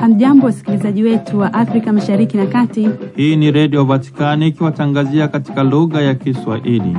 Hamjambo, wasikilizaji wetu wa Afrika Mashariki na Kati. Hii ni Redio Vatikani ikiwatangazia katika lugha ya Kiswahili.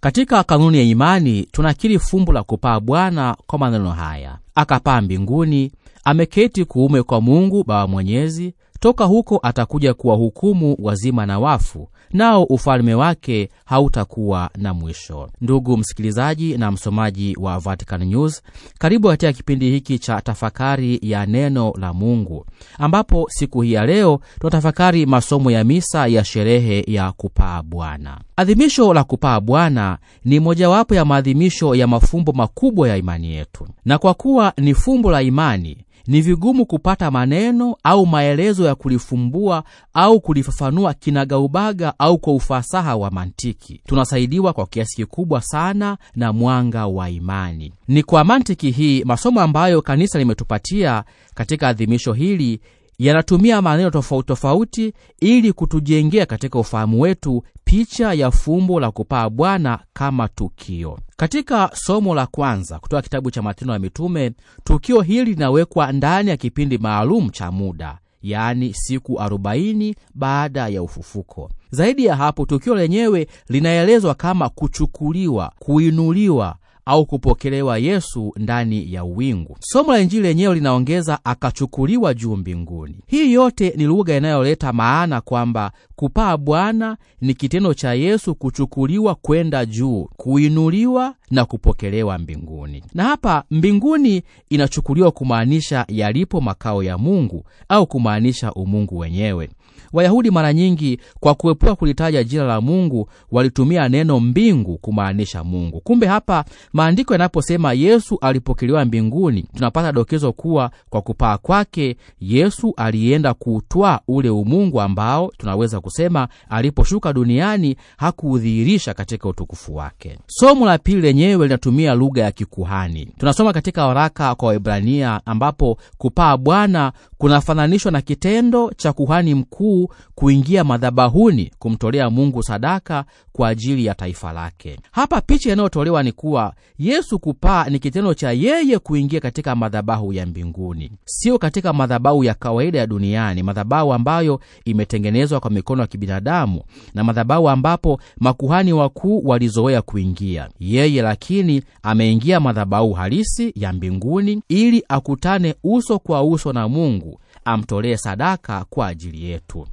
Katika kanuni ya imani tunakiri fumbo la kupaa Bwana kwa maneno haya: akapaa mbinguni, ameketi kuume kwa Mungu Baba Mwenyezi. Toka huko atakuja kuwahukumu wazima na wafu, nao ufalme wake hautakuwa na mwisho. Ndugu msikilizaji na msomaji wa Vatican News, karibu katika kipindi hiki cha tafakari ya neno la Mungu, ambapo siku hii ya leo tunatafakari masomo ya misa ya sherehe ya kupaa Bwana. Adhimisho la kupaa Bwana ni mojawapo ya maadhimisho ya mafumbo makubwa ya imani yetu, na kwa kuwa ni fumbo la imani ni vigumu kupata maneno au maelezo ya kulifumbua au kulifafanua kinagaubaga au kwa ufasaha wa mantiki. Tunasaidiwa kwa kiasi kikubwa sana na mwanga wa imani. Ni kwa mantiki hii masomo ambayo kanisa limetupatia katika adhimisho hili yanatumia maneno tofauti tofauti ili kutujengea katika ufahamu wetu picha ya fumbo la kupaa Bwana kama tukio. Katika somo la kwanza kutoka kitabu cha Matendo ya Mitume, tukio hili linawekwa ndani ya kipindi maalum cha muda, yaani siku 40 baada ya ufufuko. Zaidi ya hapo, tukio lenyewe linaelezwa kama kuchukuliwa, kuinuliwa au kupokelewa Yesu ndani ya uwingu. Somo la Injili lenyewe linaongeza akachukuliwa juu mbinguni. Hii yote ni lugha inayoleta maana kwamba kupaa Bwana ni kitendo cha Yesu kuchukuliwa kwenda juu, kuinuliwa na kupokelewa mbinguni. Na hapa mbinguni inachukuliwa kumaanisha yalipo makao ya Mungu au kumaanisha umungu wenyewe. Wayahudi mara nyingi kwa kuepuka kulitaja jina la Mungu walitumia neno mbingu kumaanisha Mungu. Kumbe hapa maandiko yanaposema Yesu alipokelewa mbinguni, tunapata dokezo kuwa kwa kupaa kwake Yesu alienda kuutwaa ule umungu ambao tunaweza kusema aliposhuka duniani hakuudhihirisha katika utukufu wake. Somo la pili lenyewe linatumia lugha ya kikuhani. Tunasoma katika waraka kwa waibrania ambapo kupaa Bwana kunafananishwa na kitendo cha kuhani mkuu kuingia madhabahuni kumtolea Mungu sadaka kwa ajili ya taifa lake. Hapa picha inayotolewa ni kuwa Yesu kupaa ni kitendo cha yeye kuingia katika madhabahu ya mbinguni, sio katika madhabahu ya kawaida ya duniani, madhabahu ambayo imetengenezwa kwa mikono ya kibinadamu na madhabahu ambapo makuhani wakuu walizoea kuingia. Yeye lakini ameingia madhabahu halisi ya mbinguni ili akutane uso kwa uso na Mungu amtolee sadaka kwa ajili yetu.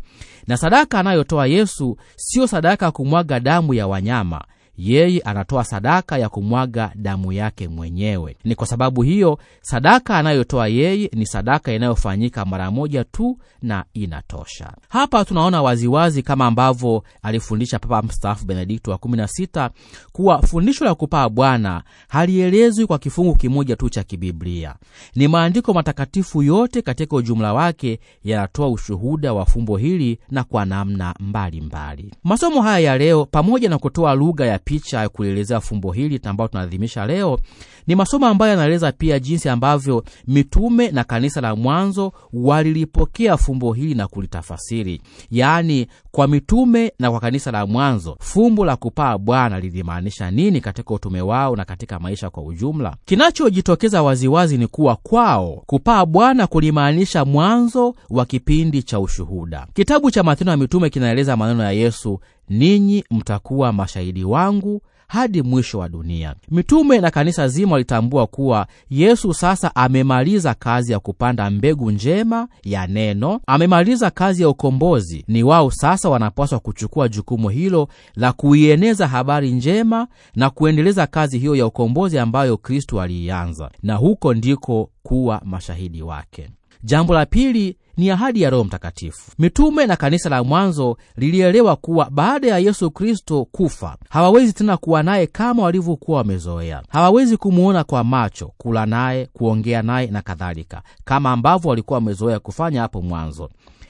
Na sadaka anayotoa Yesu siyo sadaka ya kumwaga damu ya wanyama, yeye anatoa sadaka ya kumwaga damu yake mwenyewe. Ni kwa sababu hiyo sadaka anayotoa yeye ni sadaka inayofanyika mara moja tu na inatosha. Hapa tunaona waziwazi kama ambavyo alifundisha Papa mstaafu Benedikto wa 16 kuwa fundisho la kupaa Bwana halielezwi kwa kifungu kimoja tu cha Kibiblia. Ni maandiko matakatifu yote katika ujumla wake yanatoa ushuhuda wa fumbo hili na kwa namna mbalimbali mbali. Masomo haya ya leo pamoja na kutoa lugha ya picha ya kulielezea fumbo hili ambao tunaadhimisha leo ni masomo ambayo yanaeleza pia jinsi ambavyo mitume na kanisa la mwanzo walilipokea fumbo hili na kulitafasiri. Yaani, kwa mitume na kwa kanisa la mwanzo fumbo la kupaa Bwana lilimaanisha nini katika utume wao na katika maisha kwa ujumla? Kinachojitokeza waziwazi ni kuwa kwao kupaa Bwana kulimaanisha mwanzo wa kipindi cha ushuhuda. Kitabu cha Matendo ya Mitume kinaeleza maneno ya Yesu, ninyi mtakuwa mashahidi wangu hadi mwisho wa dunia. Mitume na kanisa zima walitambua kuwa Yesu sasa amemaliza kazi ya kupanda mbegu njema ya neno, amemaliza kazi ya ukombozi. Ni wao sasa wanapaswa kuchukua jukumu hilo la kuieneza habari njema na kuendeleza kazi hiyo ya ukombozi ambayo Kristu aliianza, na huko ndiko kuwa mashahidi wake. Jambo la pili ni ahadi ya Roho Mtakatifu. Mitume na kanisa la mwanzo lilielewa kuwa baada ya Yesu Kristo kufa hawawezi tena kuwa naye kama walivyokuwa wamezoea. Hawawezi kumuona kwa macho, kula naye, kuongea naye na kadhalika, kama ambavyo walikuwa wamezoea kufanya hapo mwanzo.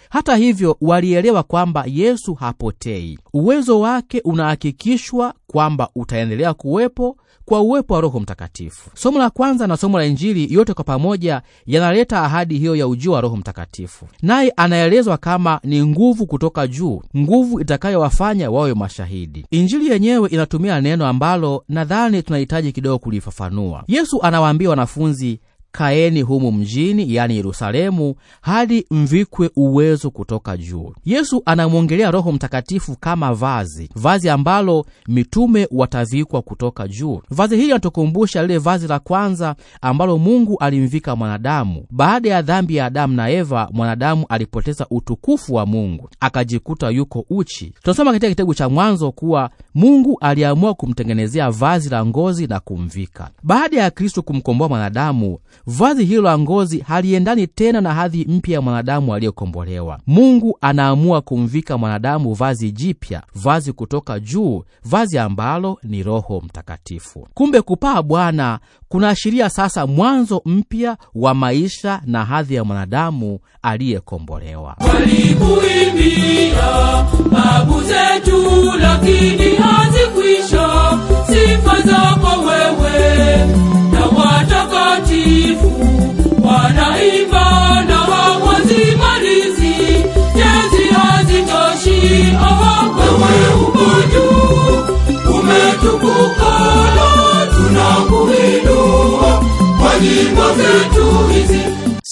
Hata hivyo, walielewa kwamba Yesu hapotei. Uwezo wake unahakikishwa kwamba utaendelea kuwepo kwa uwepo wa Roho Mtakatifu. Somo la kwanza na somo la Injili yote kwa pamoja yanaleta ahadi hiyo ya ujio wa Roho Mtakatifu, naye anaelezwa kama ni nguvu kutoka juu, nguvu itakayowafanya wawe mashahidi. Injili yenyewe inatumia neno ambalo nadhani tunahitaji kidogo kulifafanua. Yesu anawaambia wanafunzi kaeni humu mjini, yani Yerusalemu, hadi mvikwe uwezo kutoka juu. Yesu anamwongelea Roho Mtakatifu kama vazi, vazi ambalo mitume watavikwa kutoka juu. Vazi hili anatukumbusha lile vazi la kwanza ambalo Mungu alimvika mwanadamu. Baada ya dhambi ya Adamu na Eva, mwanadamu alipoteza utukufu wa Mungu, akajikuta yuko uchi. Tunasoma katika kitabu cha Mwanzo kuwa Mungu aliamua kumtengenezea vazi la ngozi na kumvika. Baada ya kristu kumkomboa mwanadamu Vazi hilo la ngozi haliendani tena na hadhi mpya ya mwanadamu aliyekombolewa. Mungu anaamua kumvika mwanadamu vazi jipya, vazi kutoka juu, vazi ambalo ni Roho Mtakatifu. Kumbe kupaa Bwana kunaashiria sasa mwanzo mpya wa maisha na hadhi ya mwanadamu aliyekombolewa. Walikuimbia babu zetu, lakini hazikwisha sifa zako wewe na watakatifu watakatifu wanaimba na hawazimalizi jezi hazitoshi awakowe uko juu tunakuinua kwa nyimbo zetu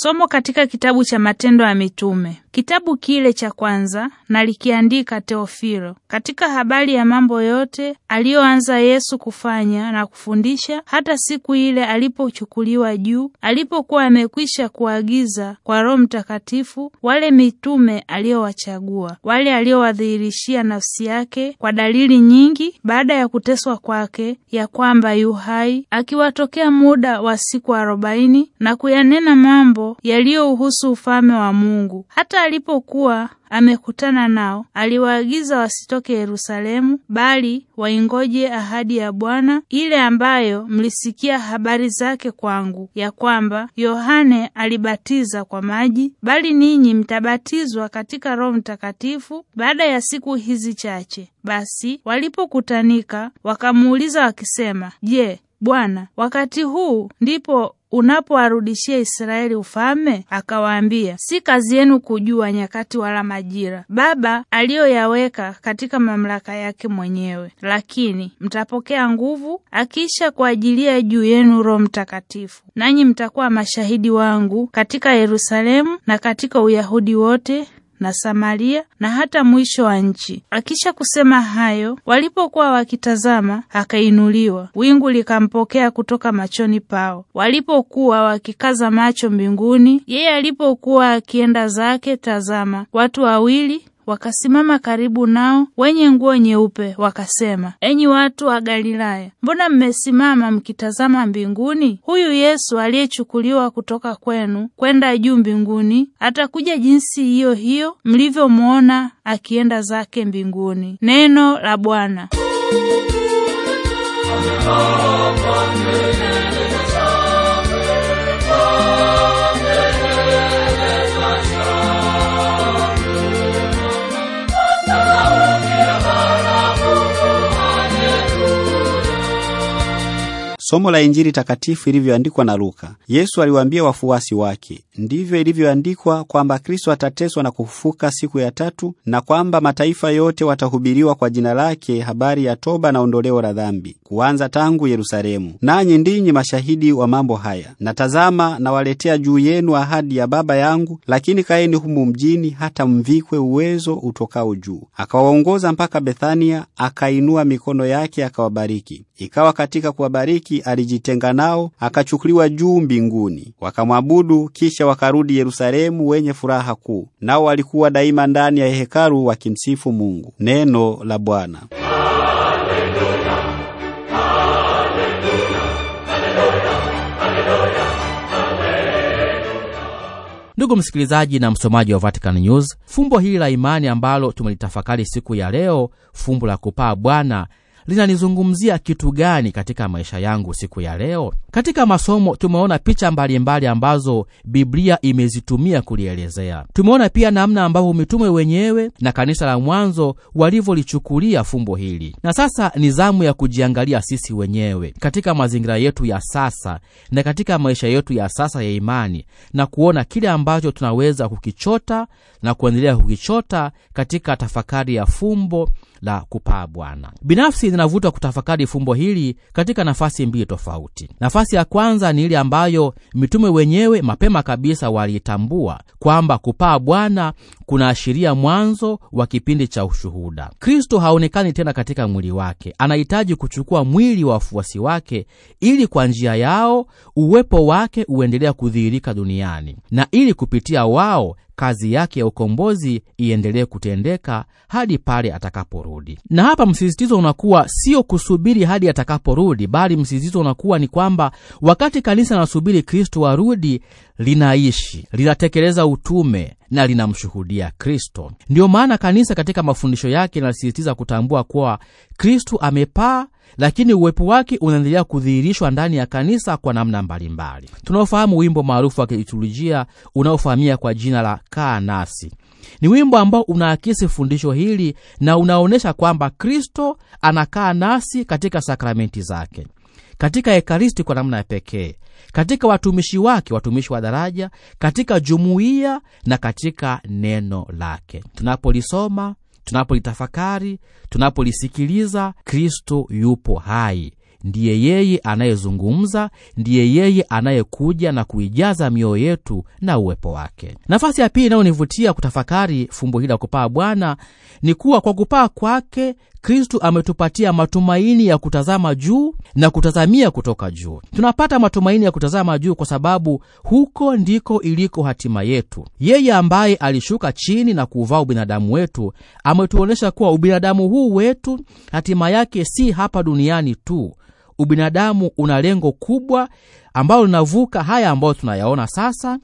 Somo katika kitabu cha Matendo ya Mitume, kitabu kile cha kwanza, nalikiandika Teofilo, katika habari ya mambo yote aliyoanza Yesu kufanya na kufundisha, hata siku ile alipochukuliwa juu, alipokuwa amekwisha kuagiza kwa Roho Mtakatifu wale mitume aliyowachagua, wale aliyowadhihirishia nafsi yake kwa dalili nyingi, baada ya kuteswa kwake, ya kwamba yu hai, akiwatokea muda wa siku arobaini na kuyanena mambo yaliyohusu yaliyouhusu ufalme wa Mungu. Hata alipokuwa amekutana nao, aliwaagiza wasitoke Yerusalemu, bali waingoje ahadi ya Bwana, ile ambayo mlisikia habari zake kwangu, ya kwamba Yohane alibatiza kwa maji, bali ninyi mtabatizwa katika Roho Mtakatifu baada ya siku hizi chache. Basi walipokutanika, wakamuuliza wakisema, Je, Bwana, wakati huu ndipo unapowarudishia Israeli ufalme? Akawaambia, si kazi yenu kujua nyakati wala majira Baba aliyoyaweka katika mamlaka yake mwenyewe, lakini mtapokea nguvu akiisha kuajilia juu yenu Roho Mtakatifu, nanyi mtakuwa mashahidi wangu katika Yerusalemu na katika Uyahudi wote na Samaria na hata mwisho wa nchi. Akisha kusema hayo, walipokuwa wakitazama, akainuliwa, wingu likampokea kutoka machoni pao. Walipokuwa wakikaza macho mbinguni, yeye alipokuwa akienda zake, tazama, watu wawili wakasimama karibu nao wenye nguo nyeupe, wakasema, enyi watu wa Galilaya, mbona mmesimama mkitazama mbinguni? Huyu Yesu aliyechukuliwa kutoka kwenu kwenda juu mbinguni atakuja jinsi hiyo hiyo mlivyomwona akienda zake mbinguni. Neno la Bwana. Somo la Injili takatifu ilivyoandikwa na Luka. Yesu aliwaambia wafuasi wake, ndivyo ilivyoandikwa kwamba Kristo atateswa na kufufuka siku ya tatu, na kwamba mataifa yote watahubiriwa kwa jina lake habari ya toba na ondoleo la dhambi, kuanza tangu Yerusalemu. Nanyi ndinyi mashahidi wa mambo haya. natazama nawaletea juu yenu ahadi ya Baba yangu, lakini kaeni humu mjini hata mvikwe uwezo utokao juu. Akawaongoza mpaka Bethania, akainua mikono yake akawabariki. Ikawa katika kuwabariki alijitenga nao, akachukuliwa juu mbinguni. Wakamwabudu, kisha wakarudi Yerusalemu wenye furaha kuu, nao walikuwa daima ndani ya hekalu wakimsifu Mungu. Neno la Bwana. Ndugu msikilizaji na msomaji wa Vatican News, fumbo hili la imani ambalo tumelitafakari siku ya leo, fumbo la kupaa Bwana, linanizungumzia kitu gani katika maisha yangu siku ya leo? Katika masomo tumeona picha mbalimbali mbali ambazo Biblia imezitumia kulielezea. Tumeona pia namna ambavyo mitume wenyewe na kanisa la mwanzo walivyolichukulia fumbo hili, na sasa ni zamu ya kujiangalia sisi wenyewe katika mazingira yetu ya sasa na katika maisha yetu ya sasa ya imani na kuona kile ambacho tunaweza kukichota na kuendelea kukichota katika tafakari ya fumbo la kupaa Bwana. Binafsi navutwa kutafakari fumbo hili katika nafasi mbili tofauti. Nafasi ya kwanza ni ile ambayo mitume wenyewe mapema kabisa waliitambua kwamba kupaa Bwana kunaashiria mwanzo wa kipindi cha ushuhuda. Kristo haonekani tena katika mwili wake, anahitaji kuchukua mwili wa wafuasi wake ili kwa njia yao uwepo wake uendelea kudhihirika duniani na ili kupitia wao kazi yake ya ukombozi iendelee kutendeka hadi pale atakaporudi. Na hapa msisitizo unakuwa sio kusubiri hadi atakaporudi, bali msisitizo unakuwa ni kwamba wakati kanisa nasubiri Kristo warudi linaishi, linatekeleza utume na linamshuhudia Kristo. Ndiyo maana kanisa katika mafundisho yake linasisitiza kutambua kuwa Kristu amepaa, lakini uwepo wake unaendelea kudhihirishwa ndani ya kanisa kwa namna mbalimbali. Tunaofahamu wimbo maarufu wa kiliturujia unaofahamia kwa jina la kaa nasi ni wimbo ambao unaakisi fundisho hili na unaonyesha kwamba Kristo anakaa nasi katika sakramenti zake katika Ekaristi kwa namna ya pekee, katika watumishi wake, watumishi wa daraja, katika jumuiya na katika neno lake. Tunapolisoma, tunapolitafakari, tunapolisikiliza, Kristo yupo hai. Ndiye yeye anayezungumza, ndiye yeye anayekuja na kuijaza mioyo yetu na uwepo wake. Nafasi ya pili inayonivutia kutafakari fumbo hili la kupaa Bwana ni kuwa kwa kupaa kwake Kristu ametupatia matumaini ya kutazama juu na kutazamia kutoka juu. Tunapata matumaini ya kutazama juu kwa sababu huko ndiko iliko hatima yetu. Yeye ambaye alishuka chini na kuuvaa ubinadamu wetu ametuonyesha kuwa ubinadamu huu wetu hatima yake si hapa duniani tu. Ubinadamu una lengo kubwa ambalo linavuka haya ambayo tunayaona sasa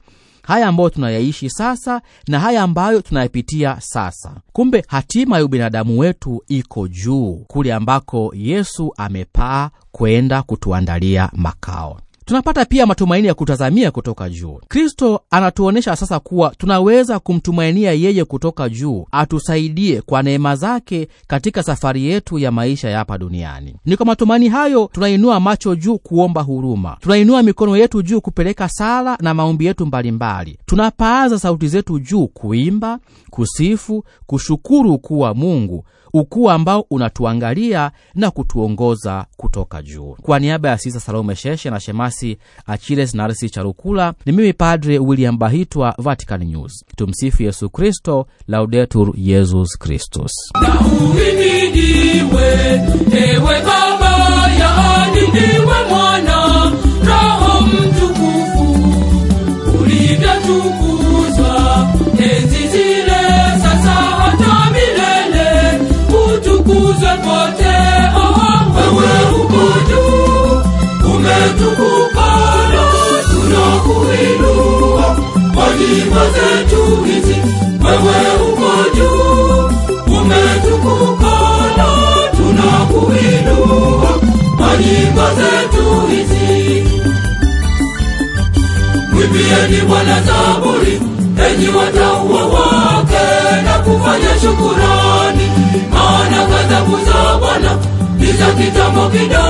haya ambayo tunayaishi sasa na haya ambayo tunayapitia sasa. Kumbe hatima ya ubinadamu wetu iko juu, kule ambako Yesu amepaa kwenda kutuandalia makao tunapata pia matumaini ya kutazamia kutoka juu. Kristo anatuonyesha sasa kuwa tunaweza kumtumainia yeye kutoka juu atusaidie kwa neema zake katika safari yetu ya maisha ya hapa duniani. Ni kwa matumaini hayo tunainua macho juu kuomba huruma, tunainua mikono yetu juu kupeleka sala na maombi yetu mbalimbali, tunapaaza sauti zetu juu kuimba, kusifu, kushukuru kuwa Mungu ukuu ambao unatuangalia na kutuongoza kutoka juu. Kwa niaba ya Sisa Salome Sheshe na Shemasi Achiles Narsi Charukula, ni mimi Padre William Bahitwa, Vatican News. Tumsifu Yesu Kristo, Laudetur Yesus Kristus. Na uhimidiwe ewe Baba Sifa zetu hizi wewe uko juu, umetukuka tunakuinua kwa nyimbo zetu hizi. Mwimbieni Bwana zaburi, enyi watauwa wake na kufanya shukurani, maana ghadhabu za Bwana ni za kitambo kidogo.